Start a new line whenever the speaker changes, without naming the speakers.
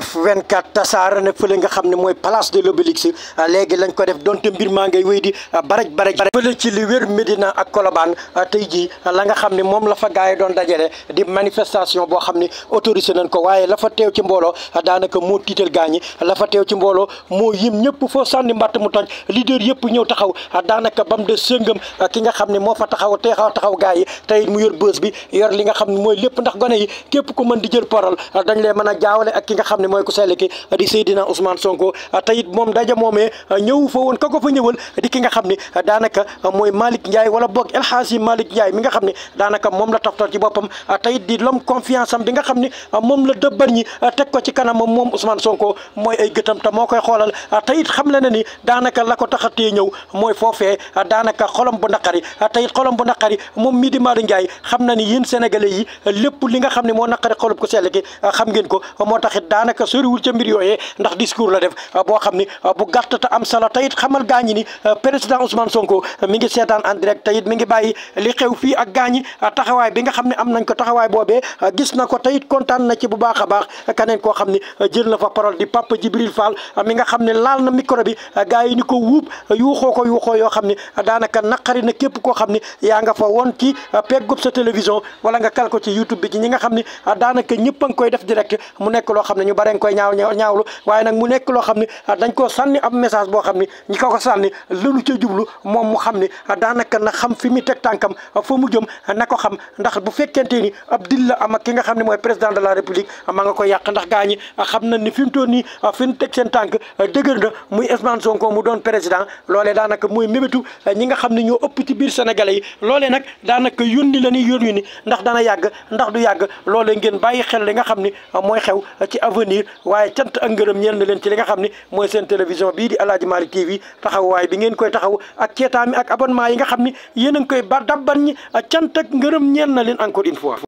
F24 tasaara na fële nga xam ne mooy place de l'Obélisque léegi lañ ko def donte mbir maa ngay wéy di baraj baraj fële ci li wér Médina ak Colobane tey jii la nga xam ne moom la fa gars yi doon dajale di manifestation boo xam ne autorisé nañ ko waaye la fa teew ci mbooloo daanaka moo tiital gaa ñi la fa teew ci mbooloo moo yim ñëpp foo sànni mbatt mu toj leader yëpp ñëw taxaw daanaka bam de a ki nga xam ne moo fa taxaw teexaw taxaw gaa yi tey mu yor bës bi yor li nga xam ne mooy lépp a jaawale ne mooy ku sell ki di Seydina Ousmane Sonko ah, tey it moom daja a ah, ñëw fa woon ka ko fa ñëwal di ki nga xam ne ah, daanaka mooy daanaka moom la toftal ci boppam tey it di lom confiance am bi nga xam ne moom la dëbbar ñi teg ko ci kanam moom Ousmane Sonko mooy ay gëtam moo koy xoolal a it xam le na ni daanaka la ko tax a ñëw mooy foofee daanaka xolam bu naqari a it xolam bu naqari moom mii di Malick Ndiaye xam na ni yéen sénégalais yi lépp li nga xam ne moo naqari xolub daanaka soriwul ca mbir yooyee ndax discours la def ah, boo xam ni ah, bu gàtt te am solo te xamal gaañi ni ah, président Ousmane Sonko mi ngi seetaan en direct te mi ngi bàyyi li xew fii ak gaañi taxawaay bi nga xam ne am nañ ko taxawaay boobee gis na ko te kontaan na ci bu baax a baax keneen koo xam ni jël na fa parole di Papa Djibril Fall mi nga xam ne laal na micro bi gars yi ni ko wuub yuuxoo ko yuuxoo yoo xam ne daanaka naqari na képp koo xam ne yaa nga fa woon ci peggub sa télévision wala nga kal ko ci YouTube bi ci ñi nga xam a dañ koy ñaaw ñaawlu waaye nag mu nekk loo xam ne a koo sànni ab message boo xam ne ñi ko ko sànni lolu ca jublu moom mu xam ne daanaka na xam fi mu teg tànkam fa mu jëm na ko xam ndax bu fekkente ni a dil la am ak ki nga xam ne mooy président de la république ma nga koy yàq ndax gaa ñi xam na ni fi mu toll nii fi mu teg seen tànk dëgër na muy Ousmane Sonko mu doon président loolee daanaka mooy mébétu ñi nga xam ne ñoo ëpp ci biir sénégalais yi loolee nag daanaka yónni la ñuy yónni ni ndax dana yàgg ndax du yàgg loolee ngeen bàyyi xel li nga xam ni mooy xew ci avenir soutenir waaye cant ak ngërëm ñeen na leen ci li nga xam ne mooy seen télévision bii di Aladji Malick TV waaye bi ngeen koy taxaw ak ceetaa mi ak abonnement yi nga xam ne yéen ngi koy ba dabban ñi cant ak ngërëm ñeel na leen encore une fois